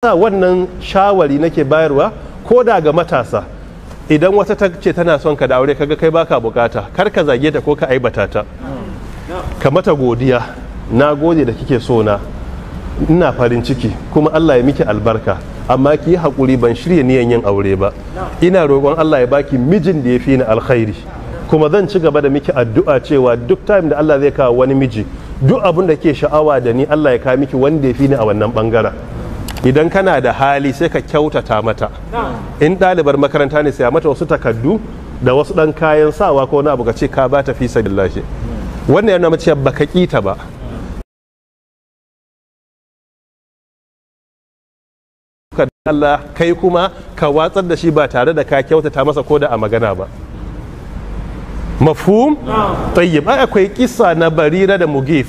sa wannan shawari nake bayarwa ko da ga matasa idan wata ta ce tana son ka da aure kaga kai baka bukata kar ka zage ta ko ka aibata ta ka mata godiya na gode da kike so na ina farin ciki kuma Allah ya miki albarka amma ki yi hakuri ban shirya niyan yin aure ba ina roƙon Allah ya baki mijin da ya fi ni alkhairi kuma zan ci gaba da miki addu'a cewa duk time da Allah zai kawo wani miji duk abin da ke sha'awa da ni Allah ya kawo miki wanda ya fi ni a wannan bangaren idan kana da hali sai ka kyautata mata in ɗalibar makaranta ne sai mata wasu takaddu da wasu ɗan kayan sawa ko wani abu ka ce ka ba ta fi sabillahi wannan yana mace baka kita ba Allah kai kuma ka watsar da shi ba tare da ka kyautata masa ko da a magana ba mafhum tayyib akwai kisa na barira da mugif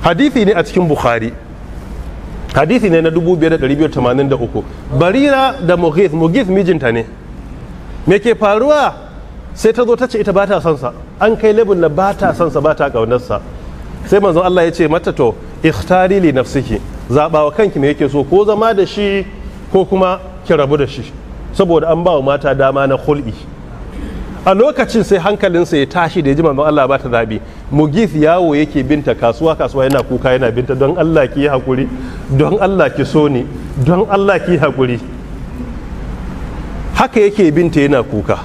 hadithi ne a cikin bukhari hadisi ne na 5283 barira da mughith mughith mijinta ne me ke faruwa sai ta zo ta ce ita ba ta son an kai labin na ba ta son sa ba ta kaunar sa sai manzo Allah ya ce mata to ikhtari li nafsiki zaba wa kanki me yake so ko zama da shi ko kuma ki rabu da shi saboda an ba wa mata dama na khul'i a lokacin sai hankalinsa ya tashi da ya ji manzo Allah ba ta zabi mugith yawo yake binta kasuwa kasuwa yana kuka yana binta don allah ki hakuri don allah ki so ni don allah ki hakuri haka yake binta yana kuka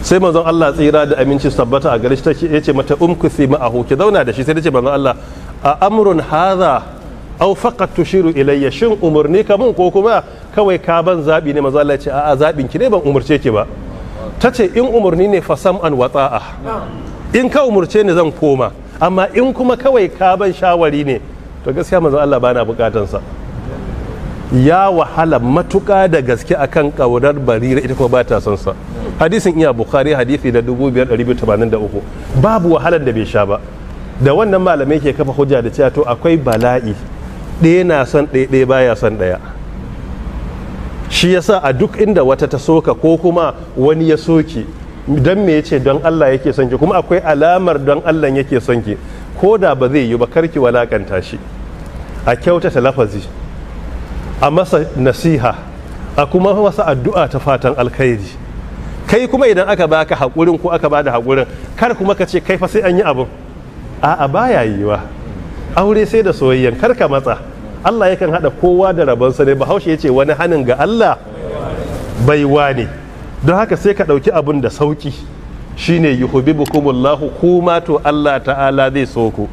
sai manzon allah tsira da aminci sabbata a garishta shi ya ce mata umkusi ma'ahu ki zauna da shi sai ta ce manzon allah a amrun haza au faqat tushiru ilayya shin umurni ka mun ko kuma kawai ka ban zabi ne manzon allah ya ce a'a zabin ki ne ban umurce ki ba ta ce in umarni ne fasam an watsa'a in ka umarce ni zan koma amma in kuma kawai ka ban shawari ne to gaskiya manzon Allah bana bukatansa ya wahala matuka da gaske akan ƙaunar barira ita kuma ba ta son sa hadisin iya bukhari hadisi da 5283 babu wahalan da bai sha ba da wannan malamai ke kafa hujja da cewa to akwai bala'i ɗaya na son ɗaya ɗaya baya son ɗaya shi yasa a duk inda wata ta soka ko kuma wani ya soki don me yace don Allah yake son ki kuma akwai alamar don Allah yake son ki ko da ba zai yi ba ki walakanta shi a kyautata lafazi a masa nasiha a kuma masa addu'a ta fatan alkhairi kai kuma idan aka baka haƙurin ko aka bada haƙurin kar kuma ka ce kai fa sai an yi abin a'a baya yiwa aure sai da soyayyen kar ka matsa Allah yakan haɗa kowa da rabonsa ne bahaushe ya ce wani hanin ga Allah baiwa ne don haka sai ka ɗauki abin da sauƙi shine yuhibbukumullahu kuma to Allah ta'ala zai so ku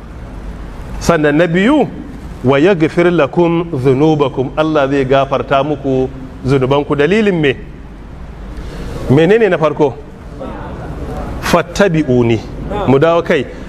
sannan na biyu wa gafir lakum dhunubakum Allah zai gafarta muku zunubanku dalilin me menene na farko fattabi'uni mu dawo kai